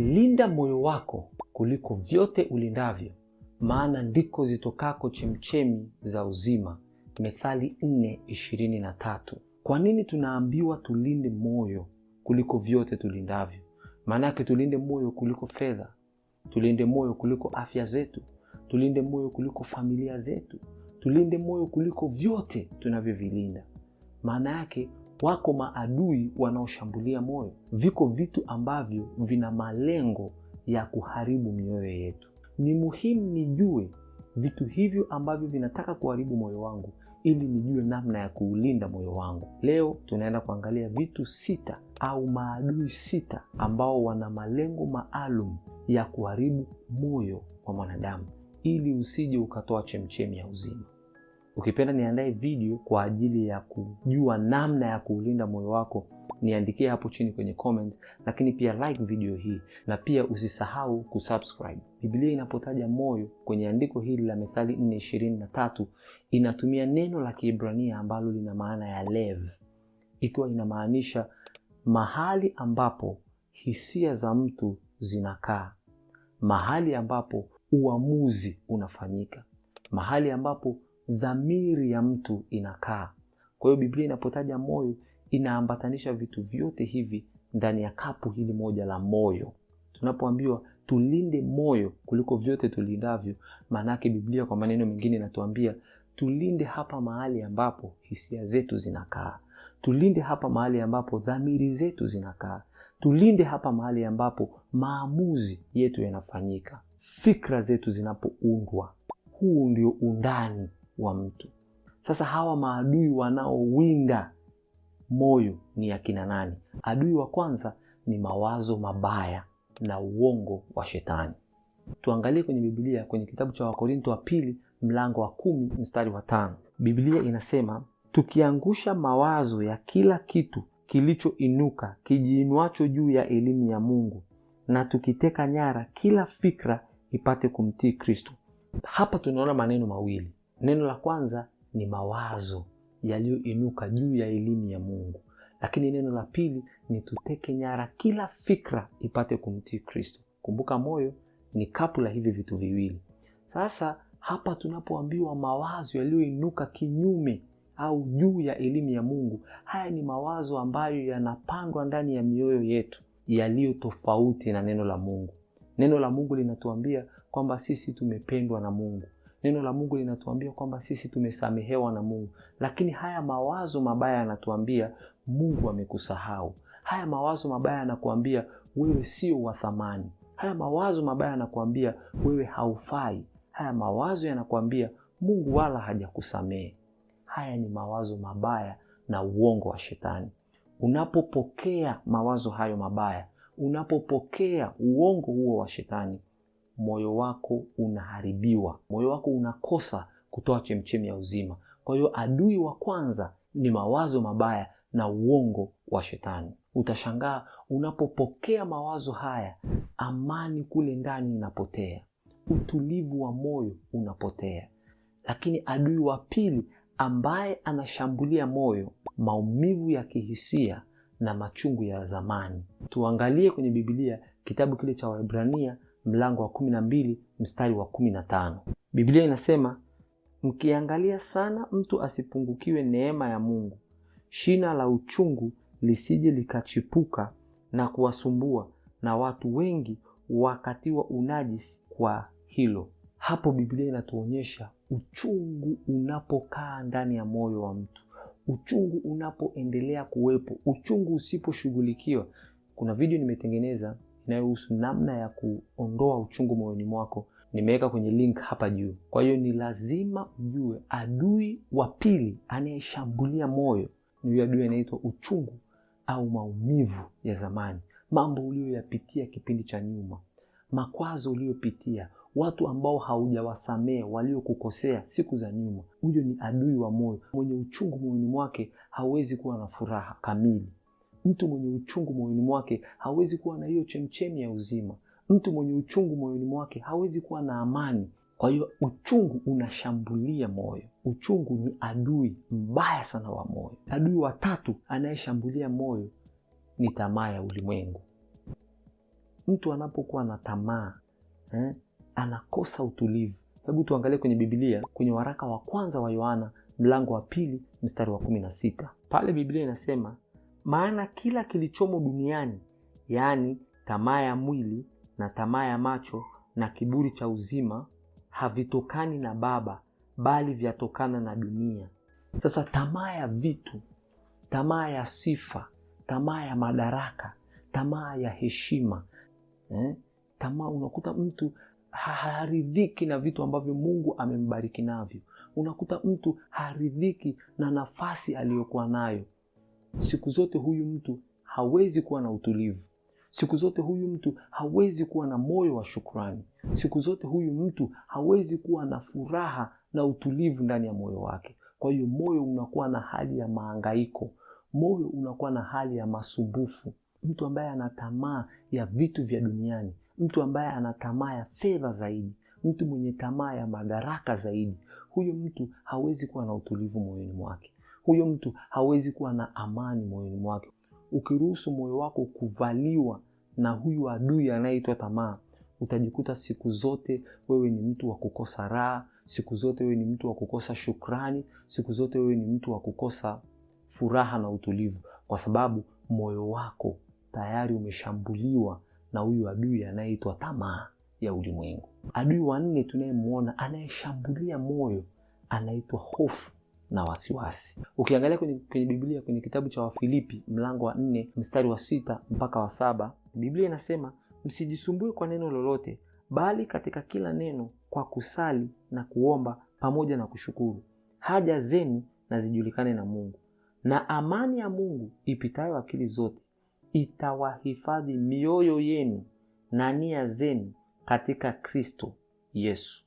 Linda moyo wako kuliko vyote ulindavyo, maana ndiko zitokako chemchemi za uzima. Methali 4:23. Kwa nini tunaambiwa tulinde moyo kuliko vyote tulindavyo? Maana yake tulinde moyo kuliko fedha, tulinde moyo kuliko afya zetu, tulinde moyo kuliko familia zetu, tulinde moyo kuliko vyote tunavyovilinda. Maana yake Wako maadui wanaoshambulia moyo. Viko vitu ambavyo vina malengo ya kuharibu mioyo yetu. Ni muhimu nijue vitu hivyo ambavyo vinataka kuharibu moyo wangu ili nijue namna ya kuulinda moyo wangu. Leo tunaenda kuangalia vitu sita au maadui sita ambao wana malengo maalum ya kuharibu moyo wa mwanadamu ili usije ukatoa chemchemi ya uzima. Ukipenda niandae video kwa ajili ya kujua namna ya kuulinda moyo wako, niandikie hapo chini kwenye comment, lakini pia like video hii na pia usisahau kusubscribe. Biblia inapotaja moyo kwenye andiko hili la Methali 4:23 inatumia neno la Kiebrania ambalo lina maana ya lev, ikiwa inamaanisha mahali ambapo hisia za mtu zinakaa, mahali ambapo uamuzi unafanyika, mahali ambapo dhamiri ya mtu inakaa. Kwa hiyo Biblia inapotaja moyo inaambatanisha vitu vyote hivi ndani ya kapu hili moja la moyo. Tunapoambiwa tulinde moyo kuliko vyote tulindavyo, maanake Biblia kwa maneno mengine inatuambia tulinde hapa mahali ambapo hisia zetu zinakaa, tulinde hapa mahali ambapo dhamiri zetu zinakaa, tulinde hapa mahali ambapo maamuzi yetu yanafanyika, fikra zetu zinapoundwa. Huu ndio undani wa mtu. Sasa hawa maadui wanaowinda moyo ni akina nani? Adui wa kwanza ni mawazo mabaya na uongo wa Shetani. Tuangalie kwenye Biblia, kwenye kitabu cha Wakorinto wa pili mlango wa kumi mstari wa tano Biblia inasema tukiangusha mawazo ya kila kitu kilichoinuka kijiinuacho juu ya elimu ya Mungu, na tukiteka nyara kila fikra ipate kumtii Kristo. Hapa tunaona maneno mawili, Neno la kwanza ni mawazo yaliyoinuka juu ya elimu ya Mungu, lakini neno la pili ni tuteke nyara kila fikra ipate kumtii Kristo. Kumbuka, moyo ni kapu la hivi vitu viwili. Sasa hapa tunapoambiwa mawazo yaliyoinuka kinyume au juu ya elimu ya Mungu, haya ni mawazo ambayo yanapandwa ndani ya mioyo yetu yaliyo tofauti na neno la Mungu. Neno la Mungu linatuambia kwamba sisi tumependwa na Mungu. Neno la Mungu linatuambia kwamba sisi tumesamehewa na Mungu, lakini haya mawazo mabaya yanatuambia Mungu amekusahau. Haya mawazo mabaya yanakuambia wewe sio wa thamani. Haya mawazo mabaya yanakuambia wewe haufai. Haya mawazo yanakuambia Mungu wala hajakusamehe. Haya ni mawazo mabaya na uongo wa Shetani. Unapopokea mawazo hayo mabaya, unapopokea uongo huo wa Shetani, moyo wako unaharibiwa, moyo wako unakosa kutoa chemchemi ya uzima. Kwa hiyo adui wa kwanza ni mawazo mabaya na uongo wa Shetani. Utashangaa unapopokea mawazo haya, amani kule ndani inapotea, utulivu wa moyo unapotea. Lakini adui wa pili ambaye anashambulia moyo, maumivu ya kihisia na machungu ya zamani. Tuangalie kwenye Biblia, kitabu kile cha Waebrania mlango wa kumi na mbili mstari wa kumi na tano. Biblia inasema mkiangalia sana mtu asipungukiwe neema ya Mungu, shina la uchungu lisije likachipuka na kuwasumbua, na watu wengi wakatiwa unajisi kwa hilo. Hapo Biblia inatuonyesha uchungu unapokaa ndani ya moyo wa mtu, uchungu unapoendelea kuwepo, uchungu usiposhughulikiwa. Kuna video nimetengeneza inayohusu namna ya kuondoa uchungu moyoni mwako nimeweka kwenye link hapa juu. Kwa hiyo ni lazima ujue adui wa pili anayeshambulia moyo ni huyo adui anaitwa uchungu au maumivu ya zamani, mambo uliyoyapitia kipindi cha nyuma, makwazo uliyopitia, watu ambao haujawasamea waliokukosea siku za nyuma. Huyo ni adui wa moyo. Mwenye uchungu moyoni mwake hawezi kuwa na furaha kamili. Mtu mwenye uchungu moyoni mwake hawezi kuwa na hiyo chemchemi ya uzima. Mtu mwenye uchungu moyoni mwake hawezi kuwa na amani. Kwa hiyo uchungu unashambulia moyo. Uchungu ni adui mbaya sana wa moyo. Adui wa tatu anayeshambulia moyo ni tamaa ya ulimwengu. Mtu anapokuwa na tamaa eh, anakosa utulivu. Hebu tuangalie kwenye Biblia, kwenye waraka wa kwanza wa Yohana mlango wa pili mstari wa kumi na sita pale Biblia inasema maana kila kilichomo duniani, yaani tamaa ya mwili na tamaa ya macho na kiburi cha uzima, havitokani na Baba, bali vyatokana na dunia. Sasa tamaa ya vitu, tamaa ya sifa, tamaa ya madaraka, tamaa ya heshima eh? Tamaa, unakuta mtu haridhiki na vitu ambavyo Mungu amembariki navyo. Unakuta mtu haridhiki na nafasi aliyokuwa nayo. Siku zote huyu mtu hawezi kuwa na utulivu, siku zote huyu mtu hawezi kuwa na moyo wa shukrani, siku zote huyu mtu hawezi kuwa na furaha na utulivu ndani ya moyo wake. Kwa hiyo moyo unakuwa na hali ya maangaiko, moyo unakuwa na hali ya masumbufu. Mtu ambaye ana tamaa ya vitu vya duniani, mtu ambaye ana tamaa ya fedha zaidi, mtu mwenye tamaa ya madaraka zaidi, huyo mtu hawezi kuwa na utulivu moyoni mwake huyo mtu hawezi kuwa na amani moyoni mwake. Ukiruhusu moyo wako kuvaliwa na huyu adui anayeitwa tamaa, utajikuta siku zote wewe ni mtu wa kukosa raha, siku zote wewe ni mtu wa kukosa shukrani, siku zote wewe ni mtu wa kukosa furaha na utulivu, kwa sababu moyo wako tayari umeshambuliwa na huyu adui anayeitwa tamaa ya ulimwengu. Adui wanne tunayemwona anayeshambulia moyo anaitwa hofu na wasiwasi. Ukiangalia kwenye, kwenye Biblia kwenye kitabu cha Wafilipi mlango wa nne mstari wa sita mpaka wa saba Biblia inasema msijisumbue kwa neno lolote, bali katika kila neno kwa kusali na kuomba pamoja na kushukuru haja zenu na zijulikane na Mungu, na amani ya Mungu ipitayo akili zote itawahifadhi mioyo yenu na nia zenu katika Kristo Yesu.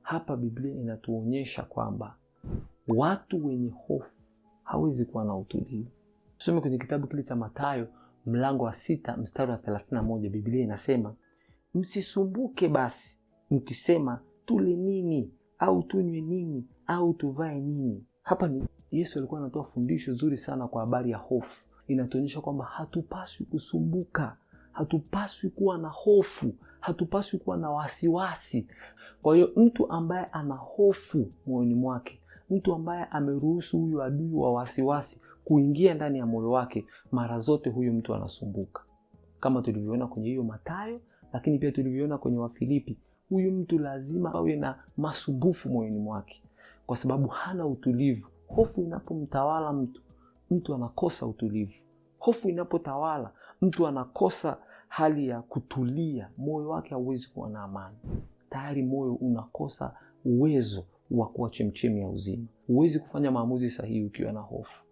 Hapa Biblia inatuonyesha kwamba Watu wenye hofu hawezi kuwa na utulivu. Tusome kwenye kitabu kile cha Mathayo mlango wa sita mstari wa moja Biblia inasema msisumbuke basi mkisema tule nini au tunywe nini au tuvae nini. Hapa ni Yesu alikuwa anatoa fundisho zuri sana kwa habari ya hofu. Inatuonyesha kwamba hatupaswi kusumbuka, hatupaswi kuwa na hofu, hatupaswi kuwa na wasiwasi. Kwa hiyo mtu ambaye ana hofu moyoni mwake mtu ambaye ameruhusu huyu adui wa wasiwasi kuingia ndani ya moyo wake, mara zote huyu mtu anasumbuka, kama tulivyoona kwenye hiyo Mathayo, lakini pia tulivyoona kwenye Wafilipi. Huyu mtu lazima awe na masumbufu moyoni mwake, kwa sababu hana utulivu. Hofu inapomtawala mtu, mtu anakosa utulivu. Hofu inapotawala mtu, anakosa hali ya kutulia, moyo wake hauwezi kuwa na amani. Tayari moyo unakosa uwezo wa kuwa chemchemi ya uzima. Huwezi kufanya maamuzi sahihi ukiwa na hofu.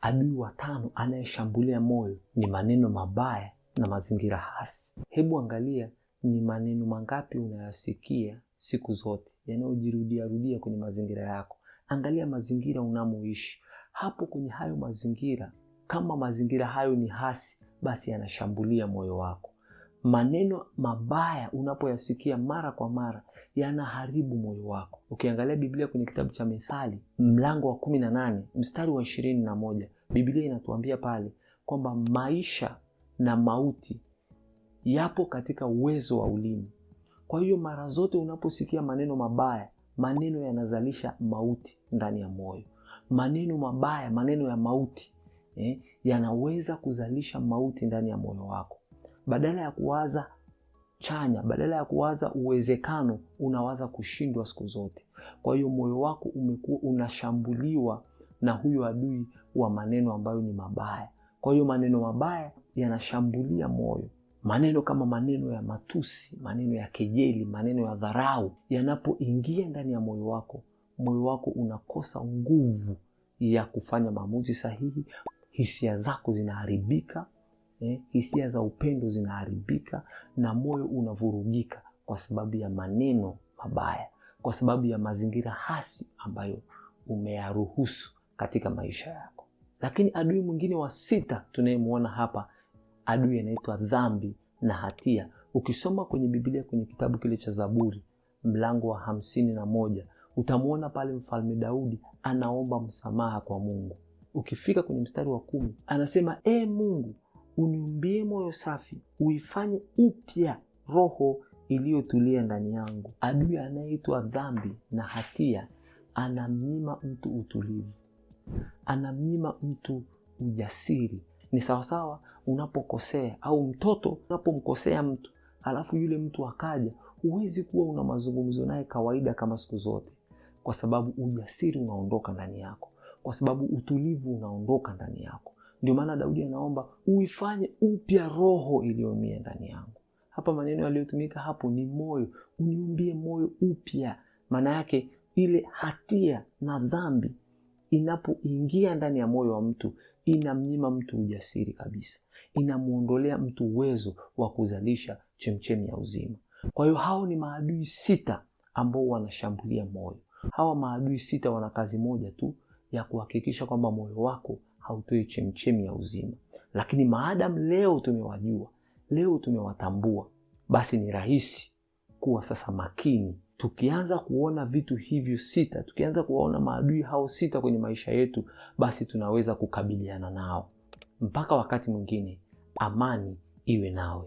Adui wa tano anayeshambulia moyo ni maneno mabaya na mazingira hasi. Hebu angalia ni maneno mangapi unayasikia siku zote yanayojirudiarudia kwenye mazingira yako. Angalia mazingira unamoishi. Hapo kwenye hayo mazingira, kama mazingira hayo ni hasi, basi yanashambulia moyo wako maneno mabaya unapoyasikia mara kwa mara yanaharibu moyo wako. Ukiangalia Biblia kwenye kitabu cha Methali mlango wa kumi na nane mstari wa ishirini na moja Biblia inatuambia pale kwamba maisha na mauti yapo katika uwezo wa ulimi. Kwa hiyo mara zote unaposikia maneno mabaya, maneno yanazalisha mauti ndani ya moyo. Maneno mabaya, maneno ya mauti eh, yanaweza kuzalisha mauti ndani ya moyo wako badala ya kuwaza chanya, badala ya kuwaza uwezekano, unawaza kushindwa siku zote. Kwa hiyo moyo wako umekuwa unashambuliwa na huyo adui wa maneno ambayo ni mabaya. Kwa hiyo maneno mabaya yanashambulia moyo. Maneno kama maneno ya matusi, maneno ya kejeli, maneno ya dharau yanapoingia ndani ya moyo wako, moyo wako unakosa nguvu ya kufanya maamuzi sahihi, hisia zako zinaharibika eh, hisia za upendo zinaharibika na moyo unavurugika kwa sababu ya maneno mabaya, kwa sababu ya mazingira hasi ambayo umeyaruhusu katika maisha yako. Lakini adui mwingine wa sita tunayemwona hapa, adui anaitwa dhambi na hatia. Ukisoma kwenye Biblia kwenye kitabu kile cha Zaburi mlango wa hamsini na moja utamwona pale mfalme Daudi anaomba msamaha kwa Mungu. Ukifika kwenye mstari wa kumi anasema, e Mungu uniumbie moyo safi, uifanye upya roho iliyotulia ndani yangu. Adui anayeitwa dhambi na hatia anamnyima mtu utulivu, anamnyima mtu ujasiri. Ni sawasawa unapokosea au mtoto unapomkosea mtu alafu yule mtu akaja, huwezi kuwa una mazungumzo naye kawaida kama siku zote, kwa sababu ujasiri unaondoka ndani yako, kwa sababu utulivu unaondoka ndani yako. Ndio maana Daudi anaomba uifanye upya roho iliyomia ndani yangu. Hapa maneno yaliyotumika hapo ni moyo, uniumbie moyo upya. Maana yake ile hatia na dhambi inapoingia ndani ya moyo wa mtu inamnyima mtu ujasiri kabisa, inamwondolea mtu uwezo wa kuzalisha chemchemi ya uzima. Kwa hiyo hao ni maadui sita ambao wanashambulia moyo. Hawa maadui sita wana kazi moja tu, ya kuhakikisha kwamba moyo wako hautoi chemchemi ya uzima. Lakini maadamu leo tumewajua, leo tumewatambua, basi ni rahisi kuwa sasa makini. Tukianza kuona vitu hivyo sita, tukianza kuwaona maadui hao sita kwenye maisha yetu, basi tunaweza kukabiliana nao. Mpaka wakati mwingine, amani iwe nawe.